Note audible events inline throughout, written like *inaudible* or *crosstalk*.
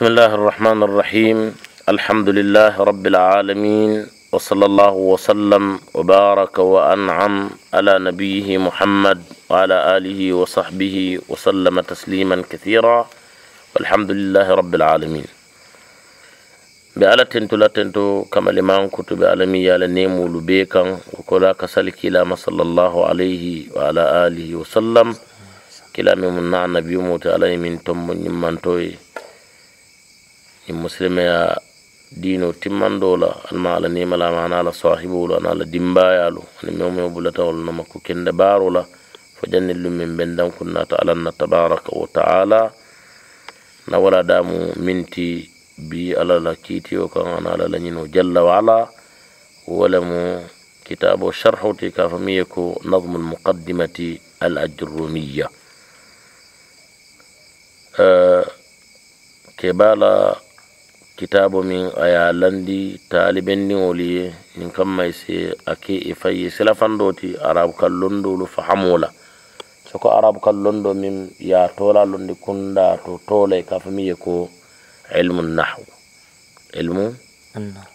بسم الله الرحمن الرحيم الحمد لله رب العالمين وصلى الله وسلم وبارك وأنعم على نبيه محمد وعلى آله وصحبه وسلم تسليما كثيرا والحمد لله رب العالمين بألا تنتو لا تنتو كما لما انكتو بألمي على نيمو لبيكا وكلا كسلك إلى صلى الله عليه وعلى آله وسلم كلا من نعم نبي موت علي من تم من من توي المسلمين يا دينو تيمان دولا الما على نيم لا معنى على صاحبه ولا على الدنبا يالو أنا يوم يوم بلا تقول نما كوكين دبار ولا فجن اللي من بندم كنا تعلنا تبارك وتعالى نورا دامو منتي بي على لكيتي وكان أنا على لنينو جل وعلا ولمو كتاب الشرح تكافميكو نظم المقدمة الأجرومية أه، كبالا kitabo min a ye a landi taalibendiŋolu ye niŋ kamma se a ke i e fa ye silafandoo ti arabu kallondoolu fahamoo la soko arabu kallondo miŋ ye a toola londi kundaa to too e ka fo miŋ ye ko ilmu nahu ilmu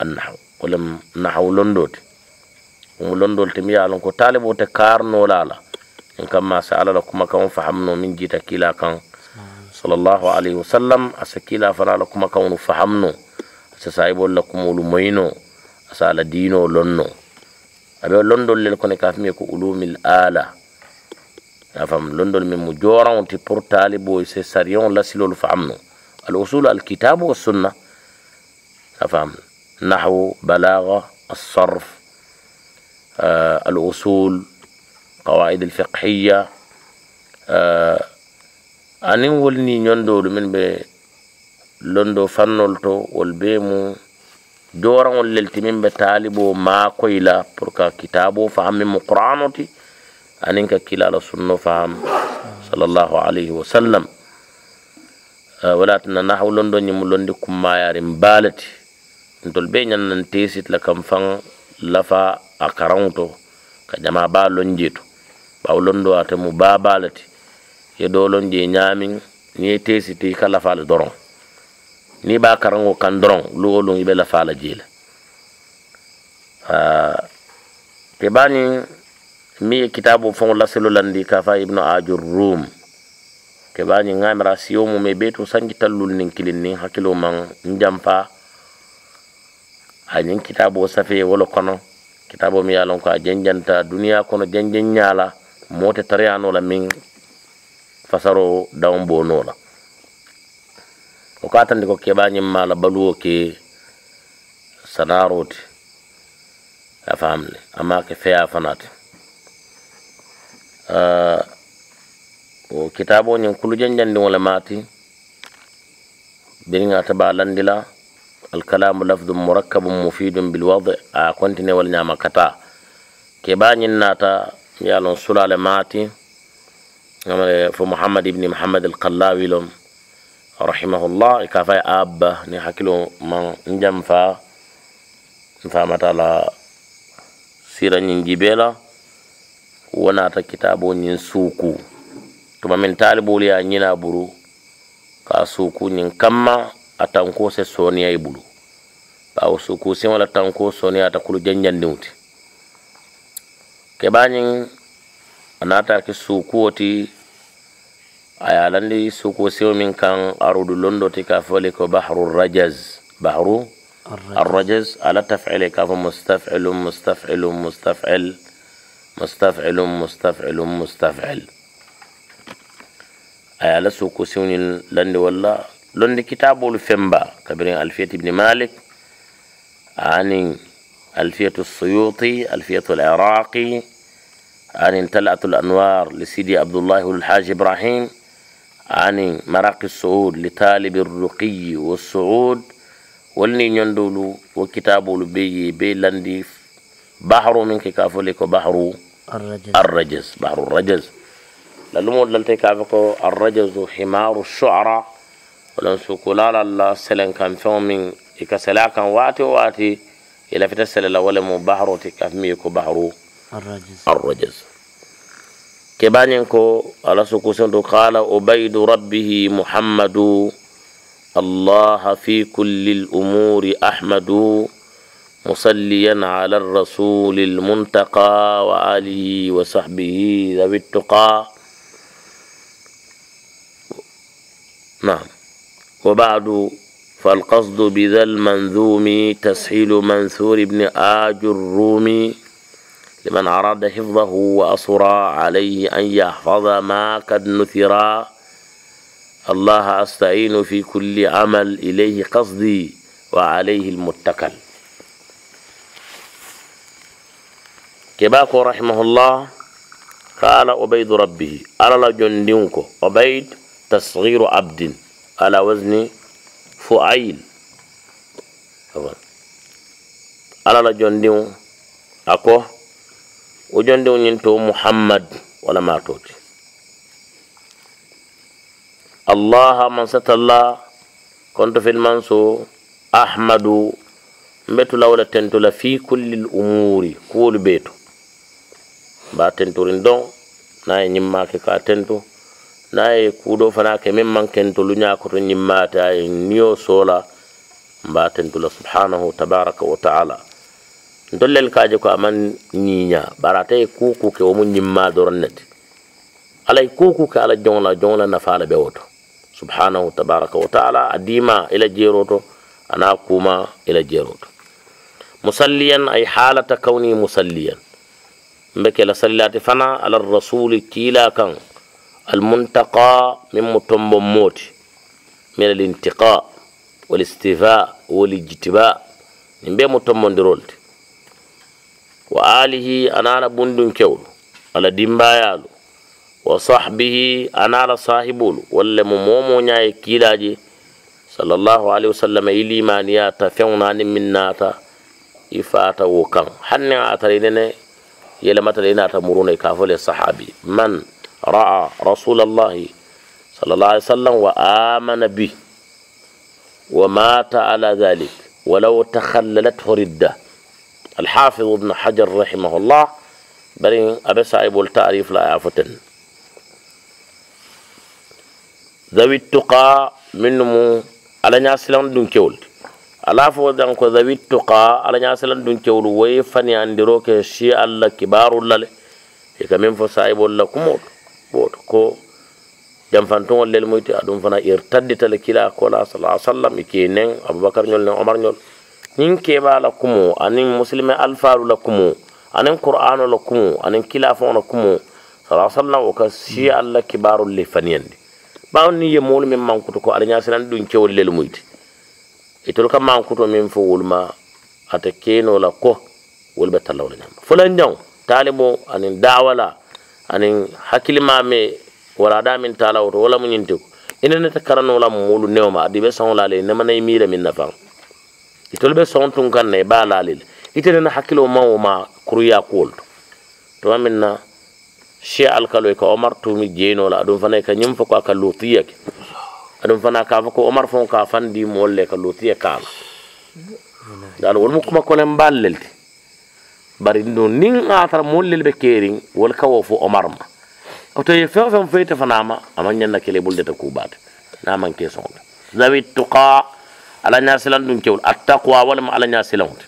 annahu wo lem nahawu londoo ti womu londoolu ti miŋ ye a loŋ ko taaliboo te kaarinoo la a la niŋ kamma a ala la kumakaŋo fahamno miŋ jiita kiilaa kaŋ صلى الله عليه وسلم أسكيلا فنا لكم كون فهمنا أسايب لكم علومينا أسال دينا لنا أبي لندن للكون كافمي كعلوم الآلة نفهم لندن من مجورا وانتي بورتالي بوي سيساريون لسلو الفهمنا الأصول الكتاب والسنة نفهم نحو بلاغة الصرف آه الأصول قواعد الفقهية آه anin wolni ñondoɗo min ɓe londo fannol to wol be mu jorangol lelti min ɓe talibo makoyla pour qua kitabo faham min mo qouranoti anin ka kilala sunno faham salllahu alayhi wa sallam ah, wala tana nahaw londo ñimo londi kummayarin balati ntol be ñannan tesitla kam fan lafa a karanto ka jama ba londjeto ɓaw londo atemu ba balati ye je ñaamin ni ye teesiti i ka lafa ni b'a karaŋo kan doroŋ luwo luŋ i be lafa la te baaniŋ miŋ ye kitaabo faŋo lasilo landi ka fa ibnu ajur rum ke baaniŋ ŋa mira me bee to sanji tallul niŋ kiliŋ niŋ hakkilo maŋ njanfa añiŋ kitaaboo safe wo kono kitaaboo miŋ ye a loŋ ko a janjanta duniyaa kono janjaŋ ñaa la moo te la miŋ fasaroo dawonboo noo la o ko atandi ko keɓañim maala baluwo ke sanaarooti a faamle amma ke feya fanaate ah, o kitaaboñin kulu janjanndiŋole maati biriŋa taba landi la alkalamu lafdu murakkabum mufidum bilwadi a kontinewol ñaama kata keɓañin naata mi ye a loŋ sulaale maati fo muhammad ibni muhammad alqallawi lom rahimahullah i ka fa abba ni hakkilo man n fa n la sira ñin jibe la wo naata kitabo ñin suuku tuma min taaliboolu ye ñina buru ka suuku ñin kamma a tanko se sooniya i bulu bawo suuku siŋo la tanko sooniya ata kulu janjandiŋo ti kebañiŋ a naata ke suukuwo ti a ye a landi sukusewo min kan arudulon do ti ka fole ko bahru rajaz bahru الرجز على تفعيل كاف مستفعل مستفعل مستفعل مستفعل مستفعل مستفعل أي على سوق سون لند ولا لند كتاب الفنبا كبرين ألفية ابن مالك عن ألفية السيوطي ألفية العراقي عن تلأة الأنوار لسيدي عبد الله الحاج إبراهيم عن مراق الصعود لطالب الرقي والصعود ولني نندولو وكتابو لبي بي لندي بحر من كافو ليكو بحر الرجز بحر الرجز للمود لنتي كافكو الرجز حمار الشعراء ولن سكولا الله سلن كان فومين يكسلا كان واتي واتي إلى فتسل الأول مو بحر تكافميكو بحر الرجز الرجز كبانينكو على سكوسن قال أبيد ربه محمد الله في كل الامور احمد مصليا على الرسول المنتقى وآله وصحبه ذوي التقى نعم وبعد فالقصد بذا المنذوم تسهيل منثور ابن آج الرومي لمن أراد حفظه وأصر عليه أن يحفظ ما قد نثرا الله أستعين في كل عمل إليه قصدي وعليه المتكل كباكو رحمه الله قال أبيد ربه ألا جندينكو أبيد تصغير عبد على وزن فعيل ألا جندين أكوه wo jondiŋo ñiŋ to muhammad wala ma ti allaha man satalla konto fil manso ahmadu mbetu lawla la fi kulli l umuri kuwolu bee to mba tentorin don na ye ñiŋ maake ka tento na ye kuudo fana ke meŋ maŋ kentolu ñaa koto ñiŋ a ye niyo soola mba la subhanahu tabaraka wa taala dollel kaje ko aman ñiña barate kuku ke womu ñimma doron neti alay kuku ke ala jongla jongla nafala be woto subhanahu tabaraka wa taala a dima ila jeroto ana kuma ila jeroto musalliyan ay halata kawni musalliyan mbe ke la sallilati fana ala rasuli kiila kan almuntaqa min mu tombo mooti min alintiqa والاستيفاء والاجتباء من بين متمندرولتي wa alihi anala bundun kewlu ala dimbayalu wa sahbihi anala sahibulu walle mo momo ñaye kiilaji sallallahu alaihi wasallam ilimaniyata fewnani minnata i fata wo kan hanne a tara nene yelematara inata muruna ka fole sahabi man ra'a rasulallahi sallallahu alaihi wasallam wa amana bi ومات على ذلك ولو تخللته رده الحافظ ابن حجر رحمه الله برين أبي صاحب التعريف لا يعفتن ذوي التقى منهم على ناس لون دون كول ala fo dan ko zawi tuqa ala ñasalan dun kewlu woyi fani andiro ke si allah kibarul lale e ka min fo sahibol la kumoto boto ko jamfantugol lel muyti aɗum fana ir tadditale kila kola sala sallam e ke nen aboubacar ñol nen omar ñol ñiŋ keba la kumu ani musilime alfaru la kumu ani qur'ano la kumu ani kilafaŋo la kumu sallallahu sallam wo ka si alla kibaarolu li faniyandi ba ni ye moolu min mankuto ko alnya ñasinani dun kewolu lel muyti yiti kam ka mankuto min fo wulma ma keno la ko wol be talla la nyam fulan nyaw talibo aniŋ dawala ani aniŋ me wala da min taala woto wo la mu ñinti ta ina la mulu newma adibe be le nemanayi mii le min nafaŋo itolu be soŋontun kaŋ na i be a la le itele na hakkiloo maŋ wo ma kuruyaa kuwolu to tuma miŋ na shee alkalo i ka omar tuumi jeenoo la aduŋ fana i ka ñiŋ fo ko a ka luutiya ke aduŋ fana ka fo ko omar faŋo ka faŋ dii moolu le ka luutiya kaa la daali wolu mu kuma kolen baalu le ti bari no niŋ a tara moolu lelu be keeriŋ wolu ka wo fo omar ma oto ye feŋ feŋ fo ite fanaŋ ma a maŋ ñaŋ na kele i bulu dete kuubaate niŋ a maŋ kee soŋo la zawi tuqaa ala silan duñ ñasilan at taqwa wala ma ala ñasilanwte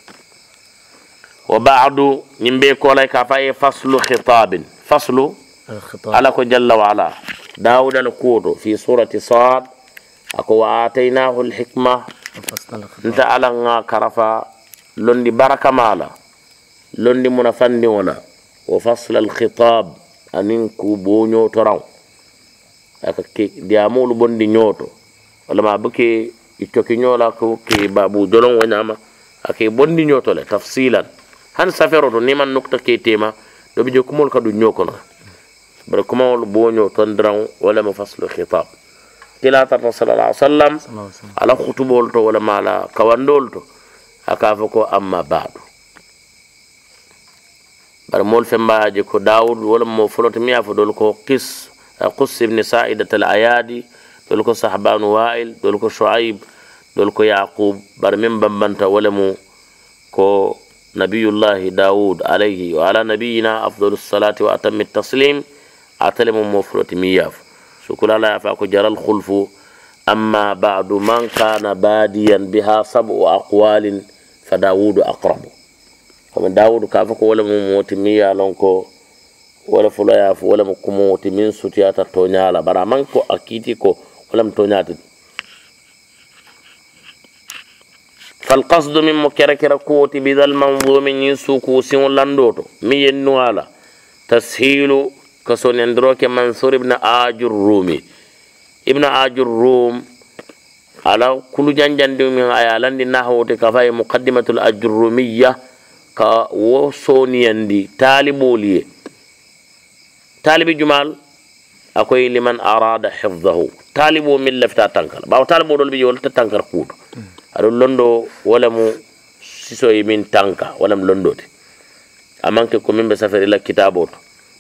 wa badu ñim ko lay ka faye faslu khitabin faslu ala ko jalla wa ala dawuda no kuwoto fi surati sad ako wa ataynahu hikma nta ala nga karafa londi baraka mala londi muna fandiŋo la wa fasla khitab anin ku bonyo toraw aka ke diyamolu bondi nyoto wala ma buke iccoki ñola ko ke babu jolon wo ñama ake bondi ñoto tafsilan han safero to niman nokta ke tema do bi je kumol kadu ñokono bare wol boño ton dran wala ma faslu khitab kila ta sallallahu alaihi wasallam ala khutubol to wala mala kawandol to aka fa ko amma ba'du bare mol fe je ko daud wala mo foloto mi afa dol ko qis qus ibn sa'idat al ayadi dol ko sahbanu wa'il dol ko shu'aib dol ko yaqub bar min bambanta wala mu ko nabiyullahi daud alayhi wa ala nabiyina afdalus salati wa atammi taslim atelemu mo fuloti mi yaaf sukulala yafa ko jaral khulfu amma ba'du man kana badiyan biha sab'u aqwalin fa dawudu aqrabu komi dawudu kafa ko wala mu moti mi ya lon ko wala fulo yaafo wala mu kumo ti min sutiyata to ñaala bara man ko akiti ko ولم تنادب فالقصد من مكركر قوت بذا المنظوم ينسوكو سيون لاندوتو مي ينوالا تسهيل كسون يندروك منصور ابن آج الرومي ابن آج الروم على كل جنجان من آيالان نحوة كفاية مقدمة الأجرومية كوصونيان دي طالبولي طالب جمال akoy liman arada hifdahu talibu min lafta tankal bawo talibo dol bi yolta tankar kuuto aɗo londo wala mu sisoye min tanka wala mu londode amanke ko min ɓe safari la kitabo to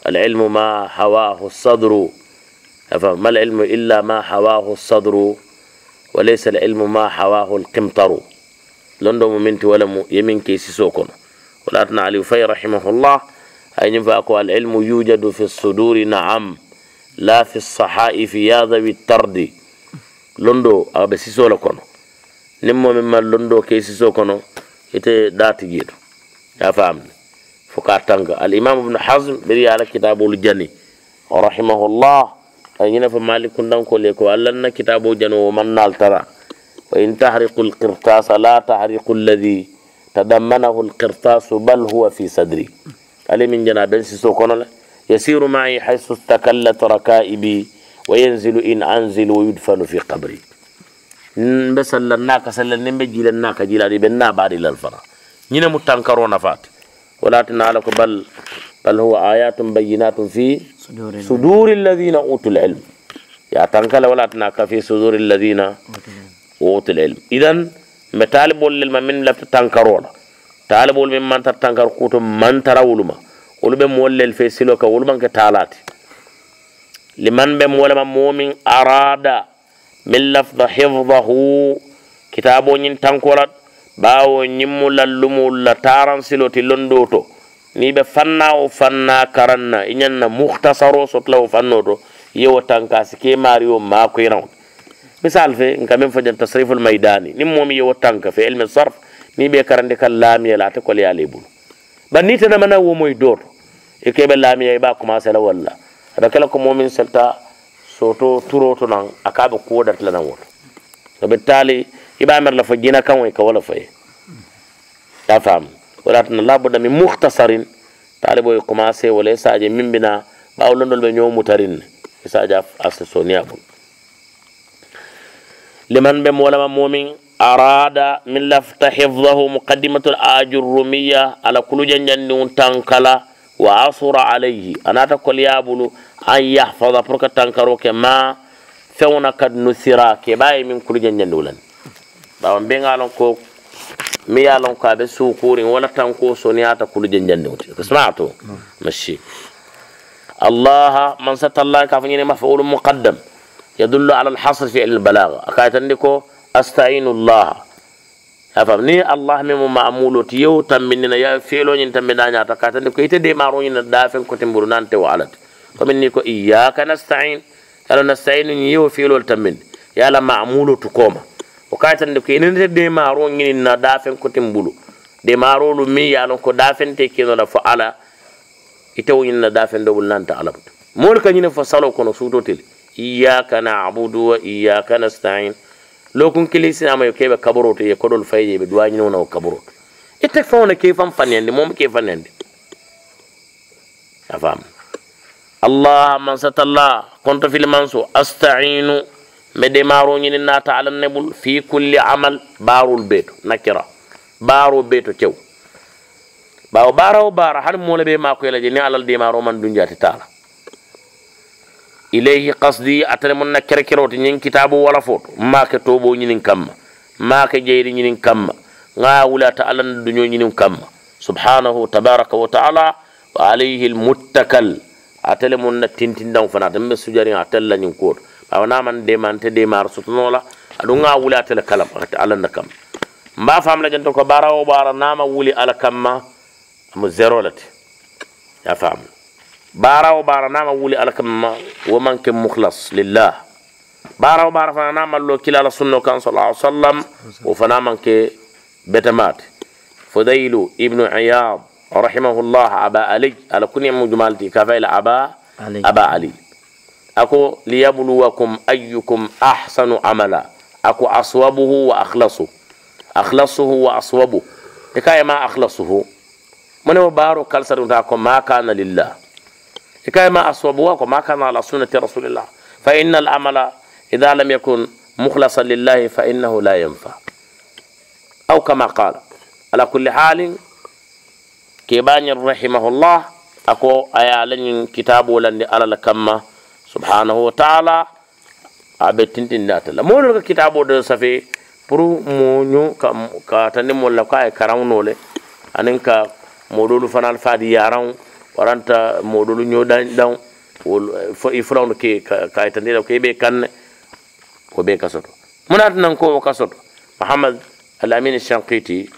alilmu ma hawahu sadru afam ma alilmu illa ma hawahu sadru wa laysa alilmu ma hawahu alqimtaru londo mo minti wala mu yemin ke siso kono wala tana aliou fay rahimahullah ay fa ko alilmu yujadu fi suduri naam لا في الصحائف يا ذوي الترد لندو أبا سيسو لكونو نمو مما لندو كي سيسو كونو يتي داتي جيدو يا فهم فكارتانك الإمام ابن حزم بري على كتابه الجني رحمه الله أن ينفى مالك كندن كوليكو ألن كتابه جنو ومن نال ترى وإن تحرق القرطاس لا تحرق الذي تدمنه القرطاس بل هو في صدري ألي من جنابين سيسو كونو لك يسير معي حيث استكلت ركائبي وينزل إن أنزل ويدفن في قبري بس لناك سلن نمجي لناك جلالي بنا بعد للفنا نينا متنكرون فات ولا تنالك بل بل هو آيات بينات في صدور, الذين أوتوا العلم يا تنكل ولا تناك في صدور الذين أوتوا العلم إذن مطالب للمن لم تنكرون طالب من من تنكر كوتم من ترى ولما wolu be moolu fe silo ka wolu maŋ taalaati liman be moo lema arada min lafda hifdahu kitaabo ñiŋ tanko la baawo ñiŋ mu lallumuolu la taran silo ti londoo to niŋ be fanna wo fanna karanna na i ñaŋ na muhtasaroo to ye tanka si ke maario maakuyiraŋo misal fe nka min fo jaŋ tasriful maydani niŋ moo ye tanka fe ilmi sarf ni be karandi kaŋ la ate koleyaale i bulu bar ni tana mana wo moy dor e kebe lami ay e ba commencer la walla ada kala ko momin selta soto turo to nan akabe ko dat la nan wol so be tali iba mer la fajina kan way ka wala fay ta e. fam wala tan la bo dami mukhtasarin tali boy commencer wala e saaje min bina ba wolondol be nyomu tarin saaje asse soniya ko liman be mo wala momin arada min lafta hifdahu muqaddimatu al-ajurrumiyya ala kulujan janniun tankala wa asura alayhi anata kolyabulu an yahfada pour que tankaro ke ma fewna kad nusira ke baye min kulujan janniulan bawa mbengalon ko mi yalon ko aɓe sukurin wala tanko soniyata kulujan janniuti smato mashi الله من ستر الله كافنين مفعول مقدم يدل على الحصر في البلاغة أكايتني كو asta'inu allah afam ni allah memo mamulo ti yew tambinina ya feeloñin tambina ñata katande ko ite de maroñina dafen kote mburu nante wo alati komin ni ko iyaka nasta'in yalo nasta'inu ñi yewo feelol tambinde yala mamulo tu koma o katande ko inenete de maroñinin na dafen kote mbulu de marolu mi yalon ko dafente kenola fo ala ite woñin na dafen dobul nanta alabuta mol kañine fo salo kono suutotele iyaka na'budu wa iyaka nasta'in lokun kili sina mayo kebe kaburo to ye kodol faye be duwani wona kaburo ite fawna ke fam fanende mom ke fanende afam allah man satalla konto fil manso astainu me de maro nyini nata ala nebul fi kulli amal barul beto nakira baro beto cew bawo barawo bara har mole be mako yela je ni alal de maro man dunjati tala ilayhi qasdi atane mun na kere kero ti nyin kitabu wala foto make tobo nyinin kamma make jeyri nyinin kamma nga wula ta alan dunyo nyinin kamma subhanahu tabaraka wa ta'ala wa alayhi almuttakal atale mun na tintin dan fana tambe sujari atalla nyin ko awana man de man te de mar sutnola adu nga wula ta kalam alan na kam mba famla janto ko barawo bara nama wuli ala kamma mu zero lati ya famu baara wo baara naama wuli ala kamma wo man ke mukhlas lillah baara wo baara fana naama lo kila ala sunno kan sala alai sallam wo fana man ke betamaate fodaylu ibnu iyad rahimahullah aba ali ala kunya mu jumalti ka fa ila aba aba ali ako liyabluwakum ayyukum ahsanu amala ako aswabuhu wa akhlasu akhlasuhu wa aswabuhu ikaya ma akhlasuhu mone wo baaro kalsarunta ko ma kana lillah كما أصابوها وما كان على سنة رسول الله فإن العمل إذا لم يكن مخلصا لله فإنه لا ينفع أو كما قال على كل حال كيبان رحمه الله أكو لن كتابه لن على لكما سبحانه وتعالى تنتين ذات الله مولو كتابه ودر سفي برو مونيو كاتنمو لكاي كراونولي أنك مولو فنال فادي يارون waranta moɗolu ñoɗan ɗan i furawno ke kayitandiɗa ko yeɓe kanne ko ɓe kasoto munata nan ko o kasoto mohamad al amin shankiti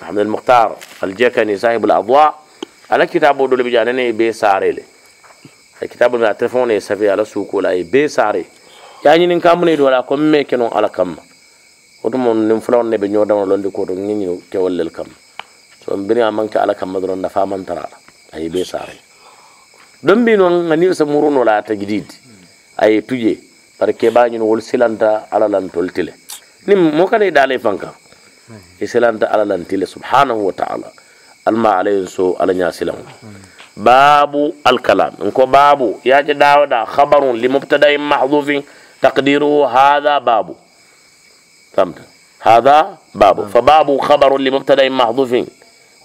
mohamad al mouhtar al jekani sahibul adwa ala kitabo ɗo le ɓija be sare le a kitabo na téléphone e safi ala suku la be sare ya ni yañinin kamune do ala ko mme kenon ala kam kamma mon nin fulawon ne be ɓe ñodano londe koto ke tewollel kam so mbiriga manke ala kam kamma doron nafamantaraɗa aye be saray ɗon mbi noon gani so murunola tajdid aye tuje par keɓañin wol silanta alalantol tile ni mo kana e fanka e silanta alalantile subhanahu wa taala alma alayen so alaña silan babu alkalam en ko baabu yaaje ɗawaɗa habarun li mubtadain mahdufin taqdiruhu hada babu فهمت هذا باب فباب خبر لمبتدا محذوف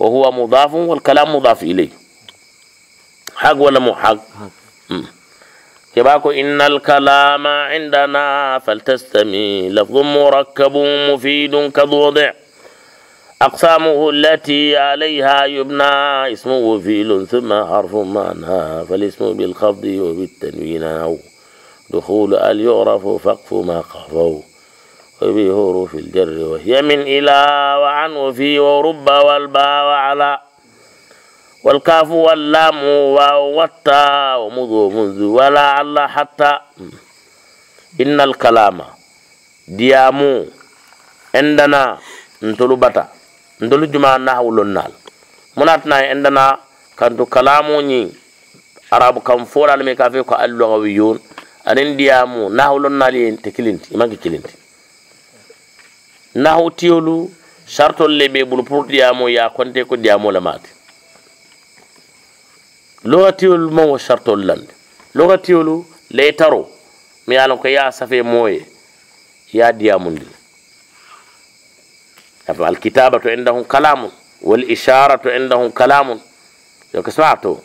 وهو مضاف والكلام مضاف اليه حق ولا مو حق؟ يباكو إن الكلام عندنا فلتستمي لفظ مركب مفيد كضوضع أقسامه التي عليها يبنى اسمه فيل ثم حرف معنى فالاسم بالخفض وبالتنوين أو دخول ال يعرف فقف ما قفوا في الجر وهي من إلى وعن وفي ورب والبا وعلى walkafu wallamu waw watta omudo mudu wala allah hatta inna alkalama diyamu endana ntolu bata ntolu juma nahawulonnal munatna endana kantu kalamu ni arabu kan fora alme kafe ko allo gawi yon anen diyamu nahawulonnal yen te kilinti imanke kilinti nahawtiyolu sartol le be bulu pour diyamu ya konte ko diyamu lamati logatiyolu maŋ wo saritolu landi logatiyolu leytaro mi ye a loŋ ko ye a safe moo ye ye a diyamundi le afa alkitabatu indahum kalamun والإشارة عندهم كلام لك سمعتوا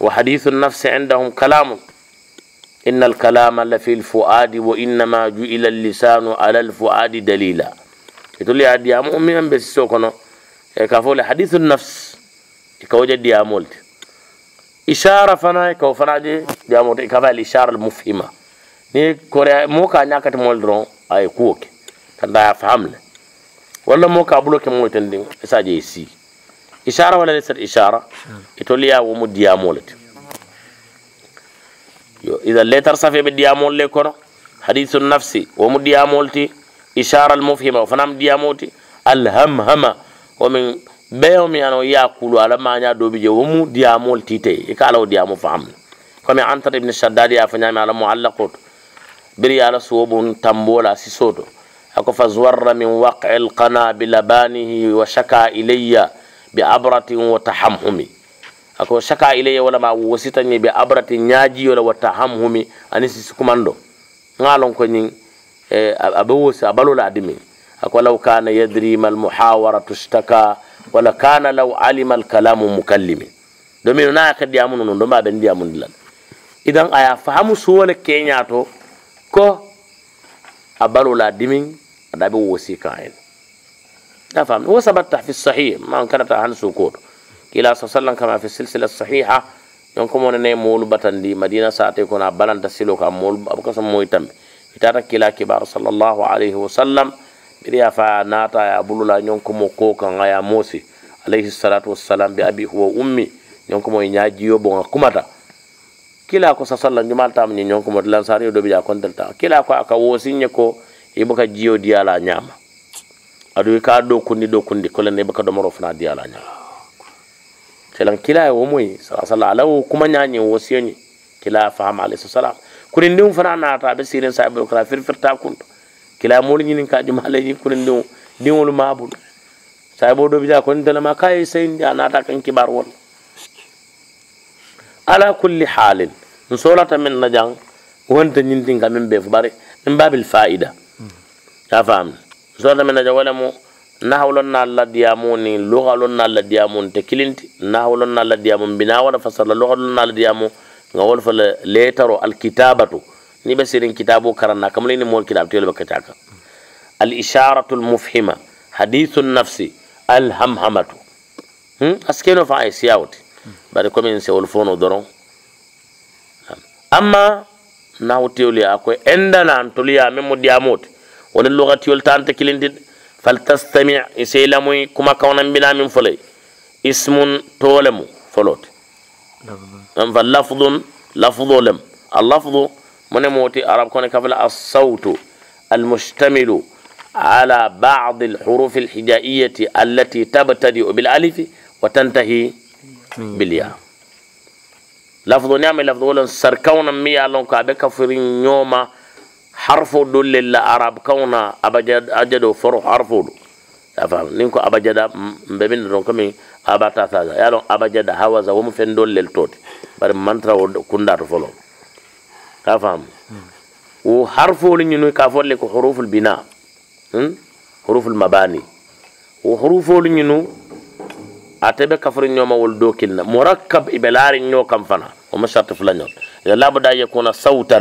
وحديث النفس عندهم كلام إن الكلام لفي الفؤاد وإنما جئل اللسان على الفؤاد دليلا يقول لي أدي أمو أمي أم بسيسوكنا كافول حديث النفس يكوجد دي أمولت ishara fana ka o fana de jamoto ka bal ishara mufhima ni kore mo ka nyakati mol dron ay kuwo ke kanda ya fahamle walla mo ka bulo ke mo tendi saje si ishara wala lesat ishara itoliya wo mu diyamolet yo ida letar safe be diyamol le kono hadithu nafsi wo mu diyamolti ishara al mufhima fanam diyamoti al hamhama wa min beyo mi ano ya kulu ala manya do bije wumu diamol tite e kala o diamo fam comme antar ibn shaddad ya fanya ala muallaqut biri ala suwubun tambola sisoto ako fazwarra min waq'il qana bi labanihi wa shaka ilayya bi abratin wa tahamhumi ako shaka ilayya wala ma wasitanye bi abratin nyaji wala wa tahamhumi anisi sukumando ngalon ko nyin e abawosi abalola adimi ako law kana yadri mal muhawara tushtaka wala kana law alima alkalamu mukallimi domin na ka diamu non do ma ben diamu dilan idan aya fahamu suwala kenya to ko abalula dimin adabi wosika en da fam wo sabatta fi sahih man karata han sukut kila sallallahu kama fi silsila sahiha don kuma ne molu batandi madina sate kuna balanta silo ka molu abukasa moy tambe itata kila kibar sallallahu alaihi wasallam sallam biri ya fa nata ya bulula ñon ko mo ko kan ya mosi alayhi salatu wassalam bi abi huwa ummi ñon ko mo ñaa jiyo bon kumata kila ko sa sallan jumal tam ni ñon mo lan sar do bi kon delta kila ko aka wosinye ko ibaka jiyo diala ñama adu ka do kundi do kundi ko len ibaka do moro fana diala ñama selan kila wo moy sallallahu alaihi kuma ñañe wosiyani kila fahama alayhi salam kurin fana nata be sirin sa be kra fir fir kunto kila mulu ñinin ka di mala ñi kulen diŋo diŋolu maabulu saybo do bija ko ndela ma kay seyndi anata kan kibar wol ala kulli halin nsolata min na jang wonta ñintin ka min be fu bari min babil faida ya fam nsolata min na jang wala mo nahawlon na alla diyamu ni lugalon na alla diyamu te kilinti nahawlon na alla diyamu bina wala fasala lugalon na alla diyamu nga wol fa le letaro alkitabatu ni ba sirin kitabo karanna kamar ni mol kitab tiyol baka taka al isharatu al mufhima hadithun nafsi al hamhamatu hmm askeno fa ay ba de komin se wol fono doron amma na ya ko endana antuliya memo diamot wala lugatiyol tante kilindi faltastami isilamu kuma kawnan bina min fulay ismun tolemu folot am fa lafdun lafdolem al lafdu من موتي عرب كون كفل الصوت المشتمل على بعض الحروف الحجائية التي تبتدئ بالألف وتنتهي بالياء لفظ نعم لفظ ولن سر سركونا ميا لون كابك فرين يوما حرف دل العرب كونا أبجد أجد فرو حرف أفهم نينكو أبجد مبين لون كمي أبتا ثاجا لون أبجد هوا زوم فين دل التوت بر منترا كندا فلو كافهم وحرفه لن ينو لك حروف البناء حروف المباني وحروفه لن ينو أتبع كفر النوم والدوكلنا مركب إبلار النوم كم فنا وما شرط فلان لا بد أن يكون صوتا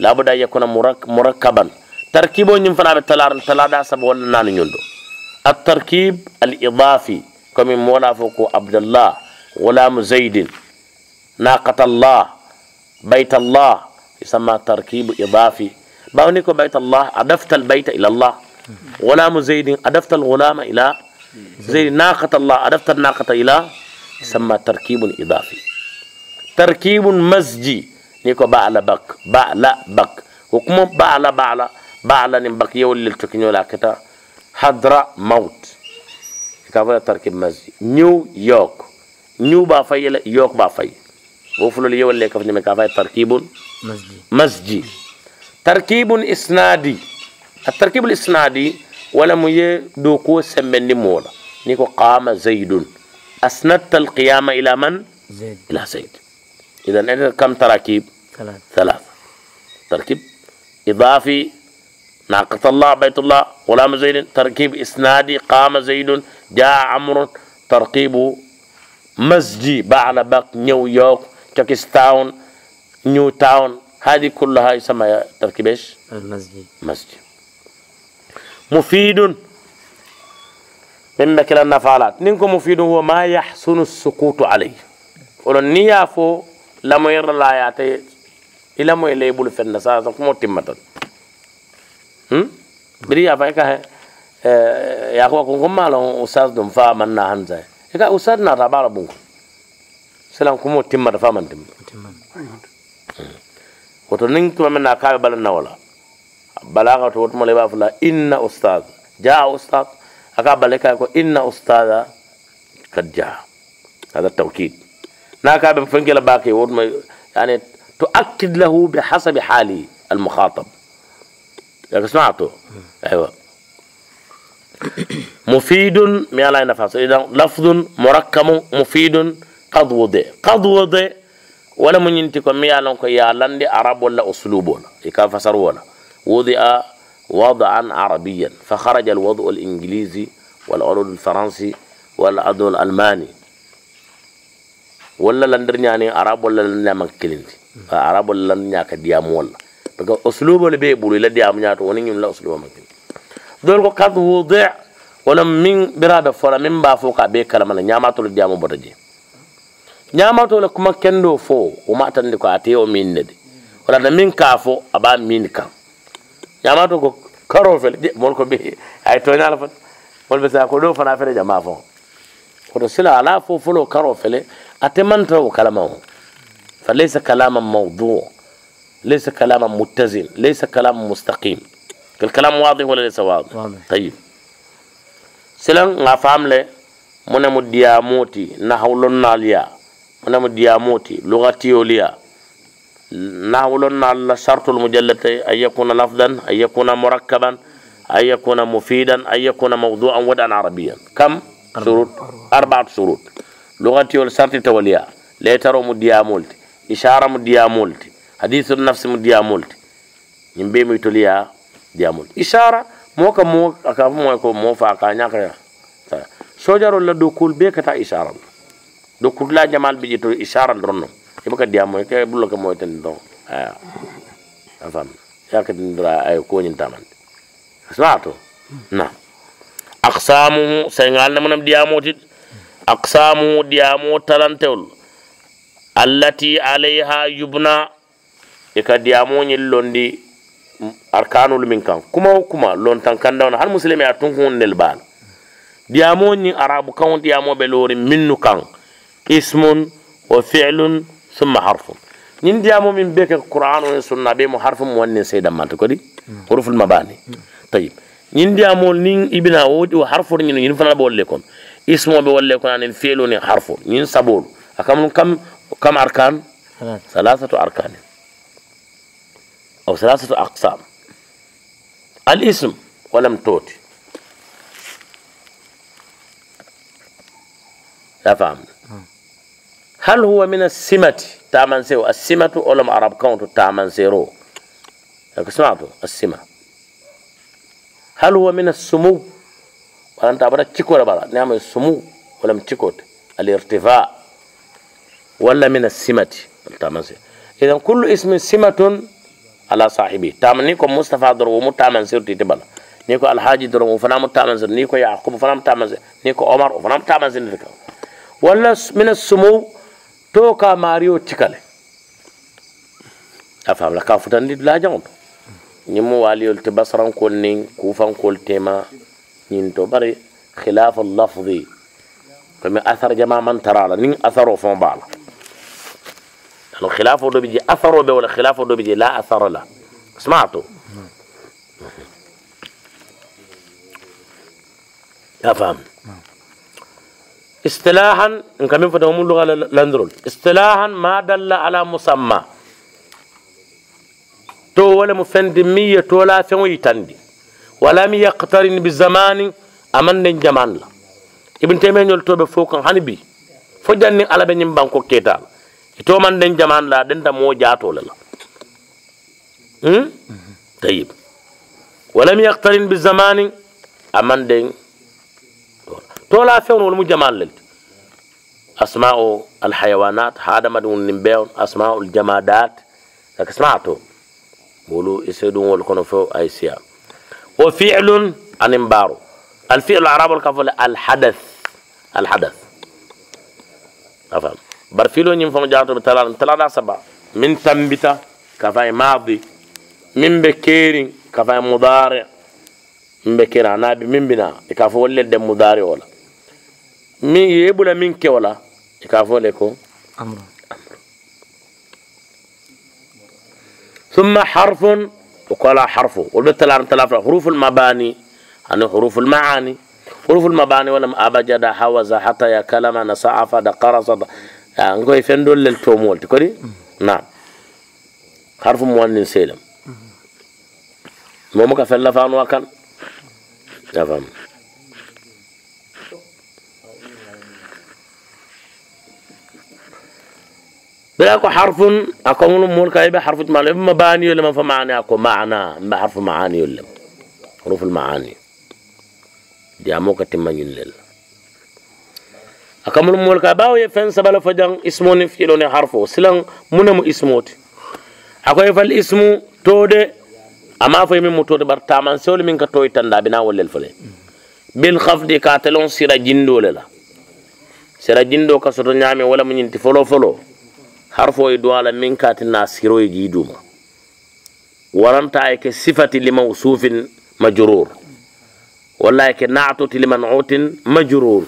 لا بد يكون مرك مركبا تركيبه نيم فنا بتلار تلار ده سب ولا نان التركيب الإضافي كم مولا فوكو عبد الله غلام زيد ناقة الله بيت الله يسمى تركيب إضافي باونيكو بيت الله أضفت البيت إلى الله غلام زيد أضفت الغلام إلى زيد ناقة الله أضفت الناقة إلى يسمى تركيب إضافي تركيب مزجي نيكو بعلا بك بعلا بك وكم بعلا بعلا بعلا نبك يولي التكنيو لاكتا حضرة موت كافر تركيب مزجي نيويورك نيو بافاي يوك بافاي وفلو ليولي كفني من كافر تركيب مسجي تركيب إسنادي التركيب الإسنادي ولا مي دوكو سمني مولا نيكو قام زيد أسندت القيام إلى من؟ زيد إلى زيد إذا انت كم تراكيب؟ ثلاث ثلاث تركيب إضافي ناقة الله بيت الله غلام زيد تركيب إسنادي قام زيد جاء عمر تركيب مسجي بعلبك نيويورك تشيكستاون نيو تاون هذه كلها يسمى تركيب ايش؟ المسجد مسجد مفيد من بكلا النفعلات نينكو مفيد هو ما يحسن السقوط عليه ولن نيافو لم ير لا ياتي إلى مو إلى يبول في النساء كم تمتا بري بري أفاك يا آه، أخو كم مالو أستاذ دم فامن أنها هنزاي إذا أستاذ نتابع ربنا سلام كم تمتا فامن تمتا koto niŋ tuma meŋ na a ka a be bala nawo la balaga to wotuma la i b'a fo la inna ustad jaa ustad a ka bala ka ko inna ustada kad jaa hada tawkid na ka be fenke la baake wotuma lahu تؤكد له بحسب حال المخاطب لك سمعته aywa مفيد من لا نفاس اذا لفظ مركم مفيد قد وضع قد وضع wala mu ñinti ko mi ye lon ko ye landi arabol la uslubo la ka fasarwo la wudia وضعا عربيا فخرج الوضع الإنجليزي والعلو الفرنسي والعدو الألماني ولا لندرني يعني عرب ولا لندرني يعني مكلنتي فعرب ولا لندرني يعني كديام ولا بقى أسلوب اللي بيقولوا لا ديام نيات يعني ونين لا أسلوب مكلن دول قد وضع ولا من براد فلا من بافوق أبي كلام أنا نعمة تقول ديام برجي ñamatola kuma kendo fo wo matandi ko ate o min ne de warata min ka fo aba min kan ñamato ko karo fele de mon ko be ay toñala fa mon be sa ko do fana fele jama fo koto sila ala fo folo karo fele ate manta o kalama o fa laysa kalama mawdu laysa kalama muttazil laysa kalaman mustaqim kal kalam wadih wala laysa wadih tayyib silan nga famle mune mu diya moti na hawlon naliya ونم دياموتي لغتي وليا ناولنا على شرط المجلة أن يكون لفظا أن يكون مركبا أن يكون مفيدا أن يكون موضوعا ودعا عربيا كم شروط أربعة شروط لغتي والشرط توليا ليترو مديامولتي إشارة مديامولتي حديث النفس مديامولتي ينبي ميتوليا ديامولتي إشارة موكا موكا موكا موكا موكا موكا موكا موكا موكا موكا موكا موكا موكا موكا موكا موكا موكا موكا do kutla jamal bi to isharal ronno ibe ka diamo ke bulo ke moy tan do ha afam yakatin dura ay ko nyin taman smato na aqsamuhu sengal na manam diamo tit aqsamuhu diamo talantewul allati alayha yubna e ka diamo nyil londi arkanul min kan kuma kuma lontan kan dawna har muslimi atun hunnel bal diamo nyi arabu kan diamo be lori minnu kan اسم وفعل ثم حرف نين ديامو من بيك القرآن والسنة بيمو حرف مؤنث سيدا ما تقولي حروف المباني طيب نين ديامو نين ابن عود وحرف نين نين فانا بقول لكم اسم بول لكم ان يعني فعل نين حرف نين سبول كم كم كم أركان ثلاثة أركان أو ثلاثة أقسام الاسم ولم توتي لا فهمت هل هو من السمة تامن سيرو السمة علم عرب كونت تامن سيرو سمعتوا السمة هل هو من السمو ولم تعبر تشيكور برا نعم السمو ولم تشيكوت الارتفاع ولا من السمة تامن سيرو إذا كل اسم سمة على صاحبي تامن نيكو مصطفى درو تامن سيرو تيتبلا نيكو الحاج درو فنا تامن سيرو نيكو يعقوب فنام تامن سيرو نيكو عمر فنا تامن سيرو ولا من السمو to ka mario tikale a famla ka futandi dula jaŋo to ñiŋ mu waaliyol te basarankol niŋ kuufankol tema ñiŋ to bari khilafu lafdi komi athar jama man tara la niŋ atharo faŋo baa la ano khilafo do bi je atharo be wala khilafo do bi je la atharo la smato afam اصطلاحا ان كم فتهم اللغه لندرول اصطلاحا ما دل على مسمى تو ولا مفند مفندمية تولا تندي ولا مية قطرين بالزمان أمن جمان لا ابن تيمية نقول تو بفوق هنبي فجأة على بني بانكو كيتا تو من دين جمان لا دين تمو ولا لا طيب ولم يقترن بالزمان أمن دين تولا فيون والمجمالل أسماء الحيوانات هذا ما دون نبيون أسماء الجمادات لك سمعتو بولو يسيدون والكونفو أيسيا وفعل أنبارو الفعل العرب الكفل الحدث الحدث أفهم برفيلو ينفون جاتو بتلان تلان سبا من ثمبتا كفاي ماضي من بكير كفاي مضارع من بكير عنابي من بنا يكافو اللي دم مضارع ولا min ye e bula min kɛ o la i k'a fɔ le ko ثم حرف وقال حرف ولو تلار تلافر حروف المباني أنا حروف المعاني حروف المباني ولم أبجد حوز حتى يكلم نسعى فد قرص نقول يفندل للتومول تكوري نعم حرف مؤنث سالم مو مكفل فانوا كان تفهم بلاكو حرف أقول مول كايبه حرف معنى اما باني ولا ما فمعنى اكو معنى ما حرف معاني ولا حروف المعاني دي اموك تمانين لل اكمل مول كاباو يفن سبلا فجان اسمون في لون حرفو سلان منم اسموت اكو يفل اسمو تود اما فهم متود بر تامن سول من كتوي تندا بنا ولل فلي دي كاتلون سيرا جندو لا سيرا جندو كسر نيامي ولا من ينتي فلو فلو harfo e duwala min kati nasiro e jiiduma waranta e ke sifati limawsufin majrur walla e ke naatuti limanutin majrur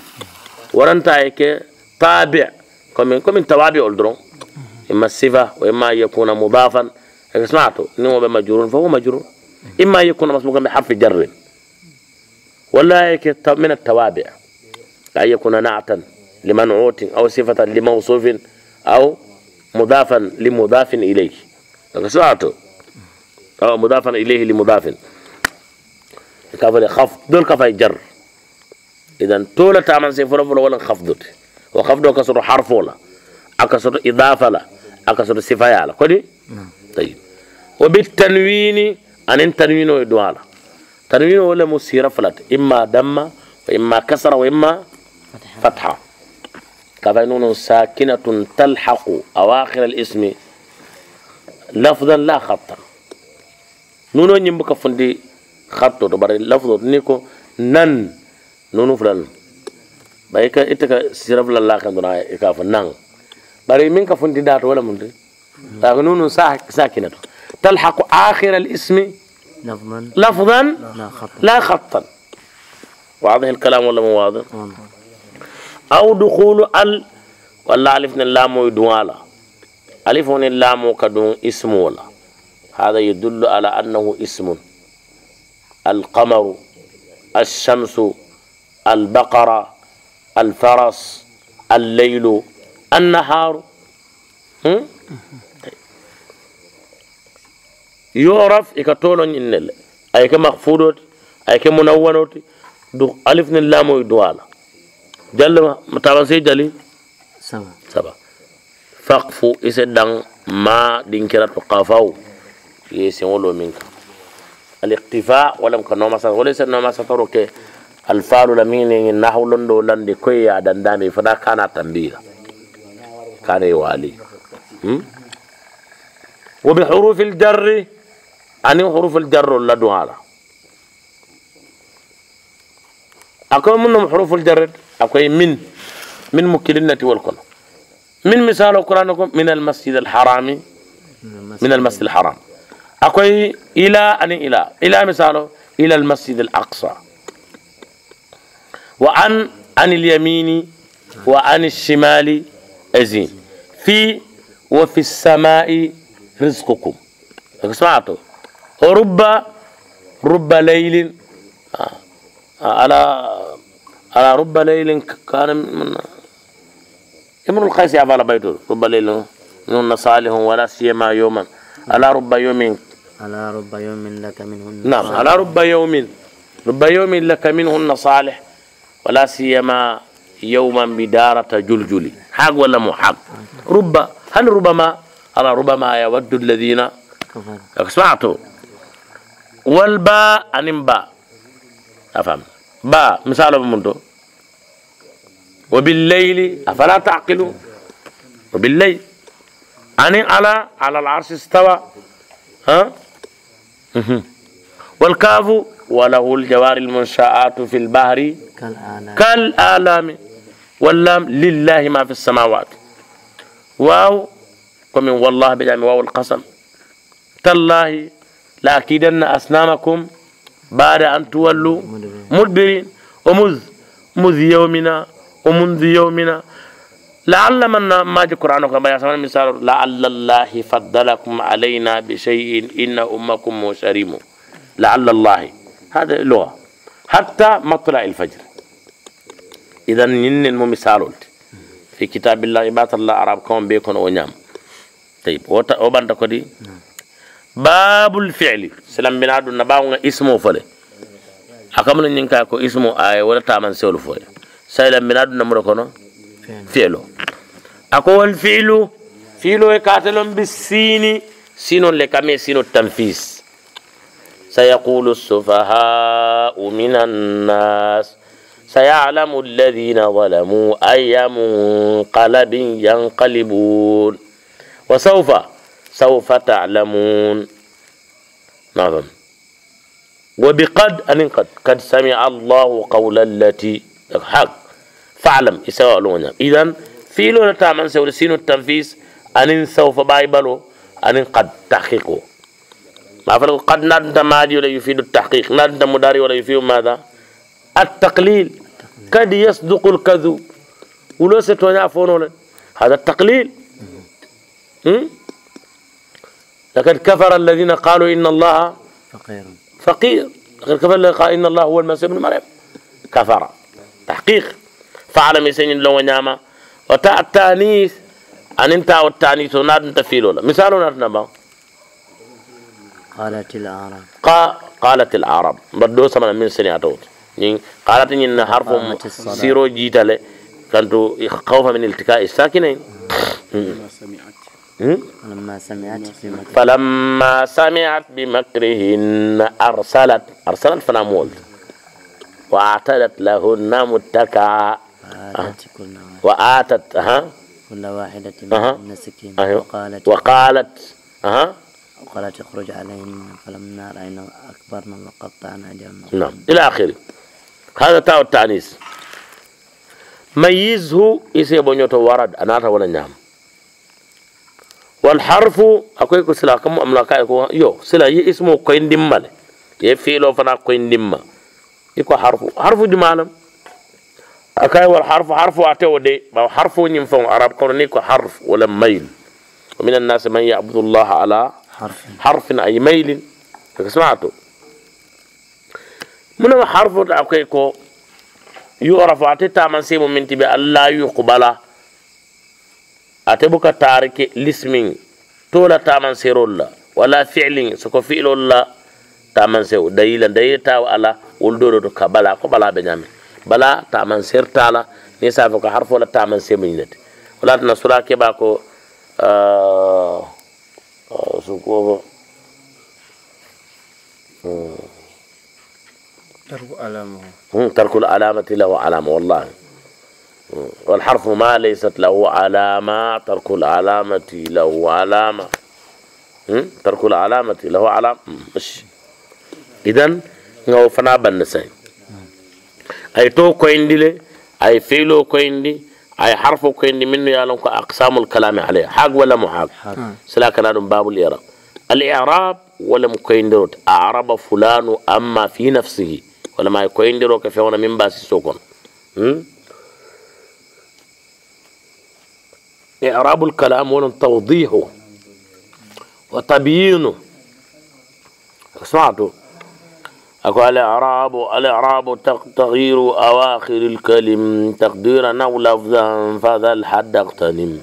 waranta e ke tabi komin komin tawabiol doron imma sifa wa imma yakuna mudafan eke smato nin woɓe majrurun fa majrur imma yakuna masbukan be harfi jarrin walla e ke min attawabi ka an yakuna naatan limanutin aw sifatan limawsufin aw mudaafan limudaafin ilayh akasocto mudaafan ilayhi limudaafin kafale khafdol kafay jar idan tola taman se folo folo walan khafdote wo khafdo kasoto harfola akasoto idafala akasoto sifayala kodi tayib wo bi tanwini anin tanwino e duwala tanwino wole mu imma damma wa imma kasra wa imma fatha كفنون ساكنة تلحق أواخر الاسم لفظا لا خطا نون نيمبك فندي خطا تبارك لفظ نيكو نن نون فلان بايكا إتكا سيرف لا خن دونا إكاف نان باري مين فندي دات ولا مندي لكن نون ساكنة تلحق آخر الاسم لفظا لا خطا لا خطا واضح الكلام ولا مو واضح؟ أو دخول ال ولا alif ne laamo duwala alif ne كدون kadun ولا هذا يدل على أنه اسم القمر الشمس البقرة الفرس الليل النهار هم؟ يعرف إكتولون إنل أي كمخفوض أي كمنونوت ألف نلامو يدوالا جل متابع سي جلي سبا سبا فقفو إسدان ما دينكرا تقافو يسين ولو منك الاقتفاء ولم كان نوما سفر وليس نوما سفر كي الفال لمين نحو لندو لندي كوي دندامي فدا كان تنبيه كان يوالي وبحروف الجر عن حروف الجر لدو هذا أكو منهم حروف الجرد أقول من من مكلنة والكل من مثال قرآنكم من المسجد الحرام من المسجد الحرام أقول إلى أني إلى إلى مثاله إلى المسجد الأقصى وعن عن اليمين وعن الشمال أزين في وفي السماء رزقكم سمعتوا ورب رب ليل آه. على على رب ليل كان من امر القيس على بيته رب ليل منهن صالح ولا سيما يوما على رب يوم على رب يوم لك منهن نعم على رب يوم رب يوم لك منهن صالح ولا سيما يوما بدارة جلجلي حق ولا مو حق رب هل ربما على ربما يود الذين سمعتوا والباء أنباء أفهم با مثال منتو وبالليل أفلا تعقلوا وبالليل أني على على العرش استوى ها والكاف وله الجوار المنشآت في البحر كالآلام واللام لله ما في السماوات واو ومن والله بجامع واو القسم تالله لأكيدن أصنامكم بعد أن تولوا مدبرين ومذ مذ يومنا ومنذ يومنا لعل من ما جاء القرآن كما يسمى مثال لعل الله فضلكم علينا بشيء إن أمكم مشريم لعل الله هذا لغة حتى مطلع الفجر إذا نين المثال في كتاب الله عباد الله عرب كون بيكون ونعم طيب وبنت كدي babul fi'li salam bin adun na bawon ismo fale akamna nyin ka ko ismo ay wala taman sewlu fole salam bin adun na muro kono fi'lo ako wal fi'lu fi'lo e katalon bisini sinon le kame sino tanfis sayaqulu as-sufaha minan nas سيعلم الذين ظلموا أي منقلب ينقلبون وسوف سوف تعلمون نعم وبقد أن قد قد سمع الله قول التي حق فاعلم إسوا لونا إذن في لون تامن سول سين التنفيس أن سوف بايبلو أن قد تحقيقه ما فرق قد ندم مادي ولا يفيد التحقيق ندم مداري ولا يفيد ماذا التقليل قد يصدق الكذب ولو ستونا فونولا هذا التقليل م? لقد كفر الذين قالوا إن الله فقير فقير لقد كفر الذين قالوا إن الله هو المسيح ابن مريم كفر تحقيق فعل مسين لو نعمة وتا التانيث أن أنت والتانيث نار أنت في لولا مثال نار قالت الأعراب قا قالت الأعراب بدو سمنا من سنة قالت إن حرف سيرو جيتالي كانت خوفا من التقاء الساكنين ما سمعت فلما إيه؟ سمعت بمكرهن فلما سمعت بمكرهن أرسلت أرسلت فنمولد وأعتدت لهن متكا وآتت ها كل واحدة من سكين أيوه. وقالت وقالت أها وقالت اخرج عليهن فلما رأينا أكبرنا وقطعنا أيديهن نعم إلى آخره هذا تاو التأنيث ميزه يسيبون ورد أنا ولا نعم wal harfu akwai ko sila kam amla kai ko yo sila yi ismu ko indimma le ye filo fana ko indimma iko harfu harfu jumalam akai wal harfu harfu ate wode ba harfu nyim fon arab ko ni ko harfu wala mail wa minan nas man ya'budu allah ala harfin ay mailin ka smaatu mun harfu da akwai ko yu'rafu ate taman sai mu minti be allah yuqbala ate buka tarike lismin tola tamanserol la wala filin soko fiilol la tamansew dayila dayila dayi ala wol doro do ka bala ko bala be nyame bala ser tala ni sa ko harfo hmm, la tamanse min net wala na sura ke ba ko su ko tarku alama tarku alamati lahu alama wallahi والحرف ما ليست له علامة ترك العلامة له علامة ترك العلامة له علامة مش إذن هو فنا بنسي أي تو كويندي لي أي فيلو كويندي أي حرف كويندي منه يعلم أقسام الكلام عليه حق ولا محاق آه. سلاك نادم باب الإعراب الإعراب ولا مكويندروت أعرب فلان أما في نفسه ولا ما يكويندروك فيونا من باسي سوكون إعراب الكلام ولا توضيحه وتبيينه سمعتوا أقول الإعراب الإعراب تغيير أواخر الكلم تقديرا أو لفظا فذا الحد اغتنم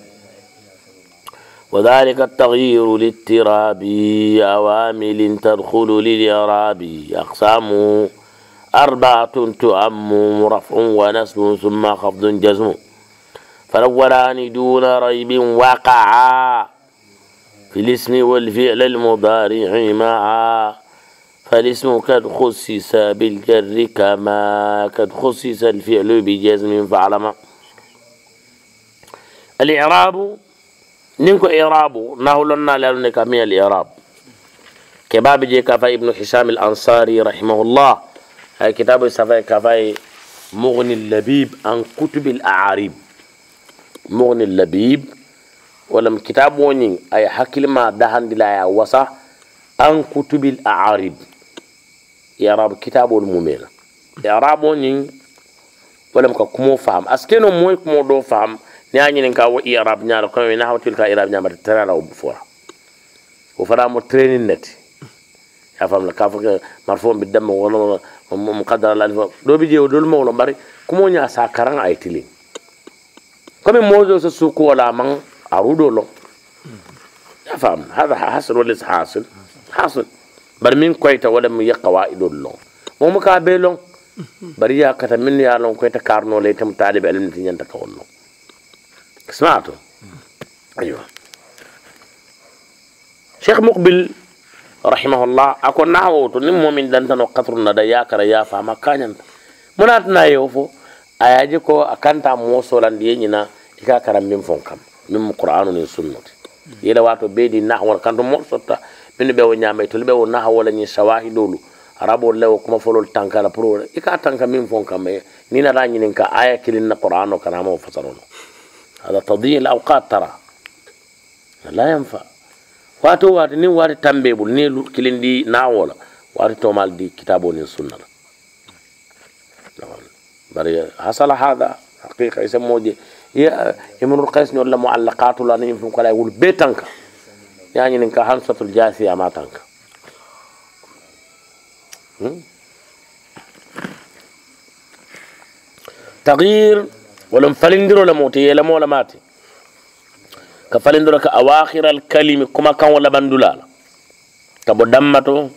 وذلك التغيير للتراب أوامل تدخل للإعراب أقسامه أربعة تؤم رفع ونسب ثم خفض جزم فالأولان دون ريب وقعا في الاسم والفعل المضارع معا فالاسم قد خصص بالجر كما قد خصص الفعل بجزم فعلما الإعراب نينكو إعراب نهو لنا لأنك من الإعراب كباب جي كفاي ابن حسام الأنصاري رحمه الله هاي كتاب سفاي كفاي مغني اللبيب عن كتب الأعاريب mughni labib walam kitaboñin ay hakkilma dahandilaya wasa an kutubil aarib yarab kitabol mumena yaraboñin walam ka kumo faam askeno moy kumo ɗo faam ni a ñinin ka wo irab ñaalo kame na hawtil ka irab ñamata terala o fora o fana mo training neti ya famla ka foke marfo mbi damma wono mo qadara la ɗo bi je o dol mawno bari kumo ña sa karan ay tilin كم موزو سوكو ولا من أرودو له فهم هذا حاصل ولا حاصل حاصل بر من كويتا ولا من يقواعد له مو مكابلون بر يا كتا من يا لون كويتا كارنو ليتم طالب علم تين تقول له سمعتوا ايوه شيخ مقبل رحمه الله اكو نحو نمو من دنتن قطر ندا يا كرا يا فما كان مناتنا يوفو a ji ko a kanta moo solandi ye ñina ka kara min fon kam min qur'anu nin sunnati yela wato be di na war kanto moo sotta min be wonya ñaama tolu be wo naha wala ñin dolu arabol lewo kuma folol tanka la pro ka tanka min fon kam ni na da ka aya kilin na qur'anu kana mo fasarono hada tadhiya al awqat tara la yanfa wato wato ni wari tambe bul ni kilindi nawola wari mal di kitabo nin sunnala بل حصل هذا حقيقة يسموه دي يا ابن القيس ولا معلقات ولا نيم كلا يقول بيتانك يعني نك هانسة الجاثية ما تنك تغيير ولم فلندرو لموتي يلا مولا ماتي كفلندرو كأواخر الكلمة كما كان ولا بندولا كبو دمتو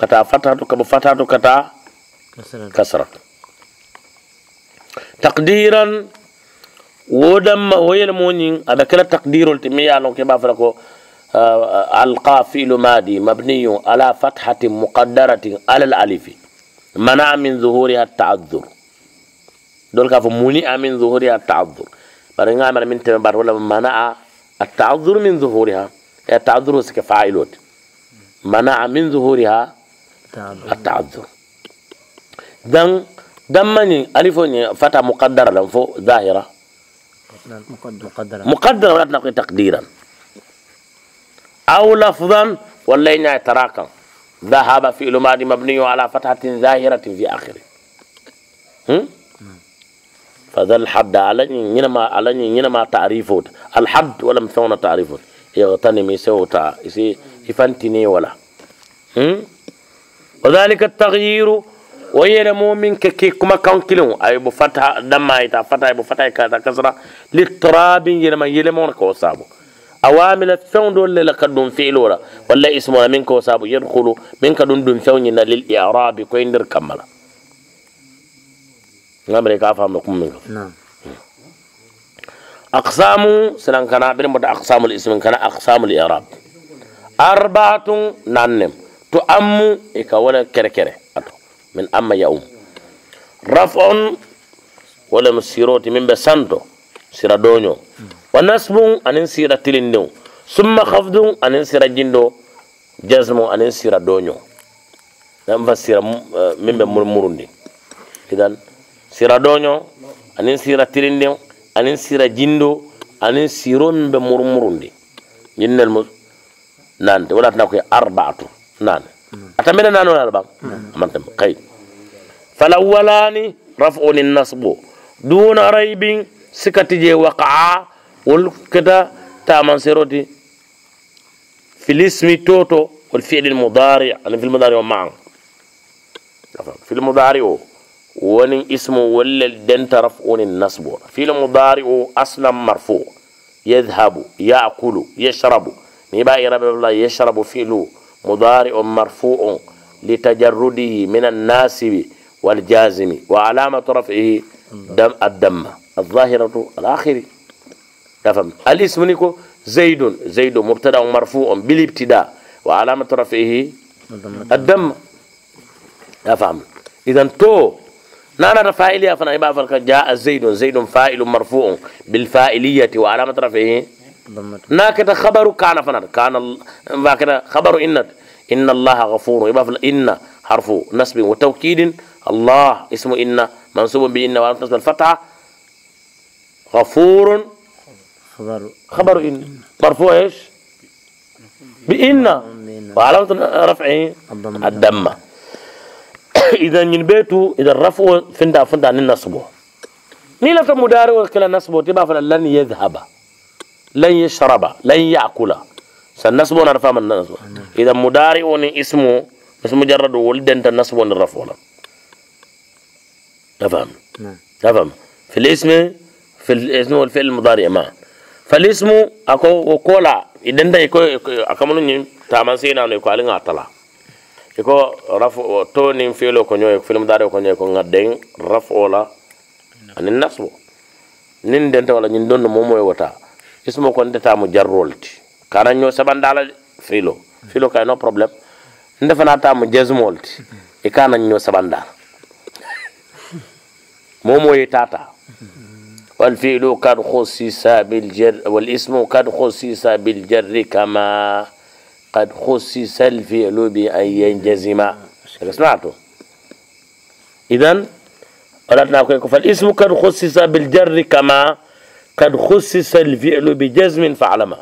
كتا فتحتو كبو فتحتو كتا كسرتو تقديرا ودم ويلمونين هذا كلا تقدير التمية لو كما فرقوا ألقى فيل مادي مبني على فتحة مقدرة على الألف منع من ظهورها التعذر دول كافو منع من ظهورها التعذر بارين عمل من تم بار ولا منع التعذر من ظهورها التعذر سكفاعلوت منع من ظهورها التعذر دان دمني ألفوني فتى مقدرا فو ظاهرة مقدرا مقدرا نقي تقديرا أو لفظا ولينا تراكا ذهب في الماضي مبني على فتاة ظاهرة في آخره هم؟ فذا الحد على ينما على ينما تعريفه الحد ولم ثون تعريفه يغتنم يسوي تا يسي يفنتني ولا هم؟ وذلك التغيير wo yele mo min ke ki kuma kan kilin ay bu fata damma ita fata bu fata ka ta kasra li turabin yele man yele mon ko sabu awamil fɛn do le la ka dun fi'lo la walla ismona min ko sabu yadkhulu min ka dun dun fɛn yina lil i'rabi ko indir kamala ngamre ka faamu kum min aqsamu silan kana bin mata aqsamul ism kana aqsamul i'rab arba'atun nannem to ammu e ka wala kere kere min amma yaum raf'un wolem siroti min ɓe santo sira doño wa nasbun anin sira tilindiw summa hafdun anin sira jindo jasmu anin sira doño nan fa sira min ɓe murmurundi idan sira doño anin sira tilindiw anin sira jindo anin siro min ɓe murmurundi yinnel mo nande waɗatana koye arbatu nane أتمنى نانو نربا أمانتم قيد فالأولان رفع النصب دون ريب سكتجي وقعا والكدا تامن سيروتي في الاسم توتو والفعل المضارع أنا في المضارع ومع في المضارع وني اسمه ولا الدنت رفع النصب في المضارع أصلا مرفوع يذهب يأكل يشرب ني باي رب الله يشرب فيلو مضارع مرفوع لتجرده من الناسب والجازم وعلامة رفعه دم الدم الظاهرة الآخرة تفهم الاسم نيكو زيد زيد مبتدا مرفوع بالابتداء وعلامة رفعه الدم تفهم إذا تو نانا رفائلية فنعبا يبقى جاء زيد زيد فائل مرفوع بالفائلية وعلامة رفعه ناكد خبر كان فنر كان ال... كده خبر إن إن الله غفور يبقى إن حرف نسب وتوكيد الله اسمه إن منصوب بإن وعلى نسب الفتحة غفور خبر خبر إن مرفوع إيش بإن وعلى رفع الدم *coughs* إذا ينبيتوا إذا رفعوا فندا فندا نسبه نيلة مدار وكلا نسبه تبقى فلن يذهب lan sharaba lan akula yakula sanasbo na rafa man nasbo idan mudari woni ismu bas mujarrad wol denta nasbo ni rafa wala تفهم تفهم في الاسم في الاسم والفعل المضارع ما فالاسم اكو وكولا idan da iko akamunu ni taman sina no ko alinga tala ko rafu to ni filo ko nyoy film dare ko nyoy ko ngadden rafu ola anin nasbo nin den wala nin don mo moy wata ismo kon ndeta mu jarrolti kana ñoo sabandala de filo filo kay no problème ndefana ta mu jesmolti e kana ñoo sabandala momo ye tata والفعل قد خصص بالجر والاسم قد خصص بالجر كما قد خصص الفعل بأن ينجزم سمعتوا إذن قلتنا فالاسم قد خصص بالجر كما قد خصص الفعل بجزم فعلما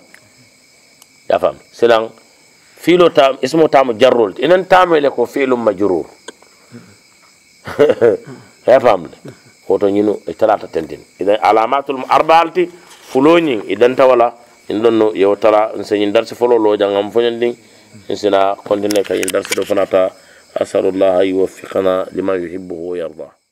فهم سلام فعل تام اسمه تام جرول إن تام لك فعل مجرور *laughs* يا فهم خوتو نينو ثلاثة تنتين إذا علامات الأربعة التي فلوني إذا انت ولا إن دونو يو ترى إنسان درس فلو لو جانم فنين إنسان كونتين لك إن درس دو فناتا أسأل الله يوفقنا لما يحبه ويرضاه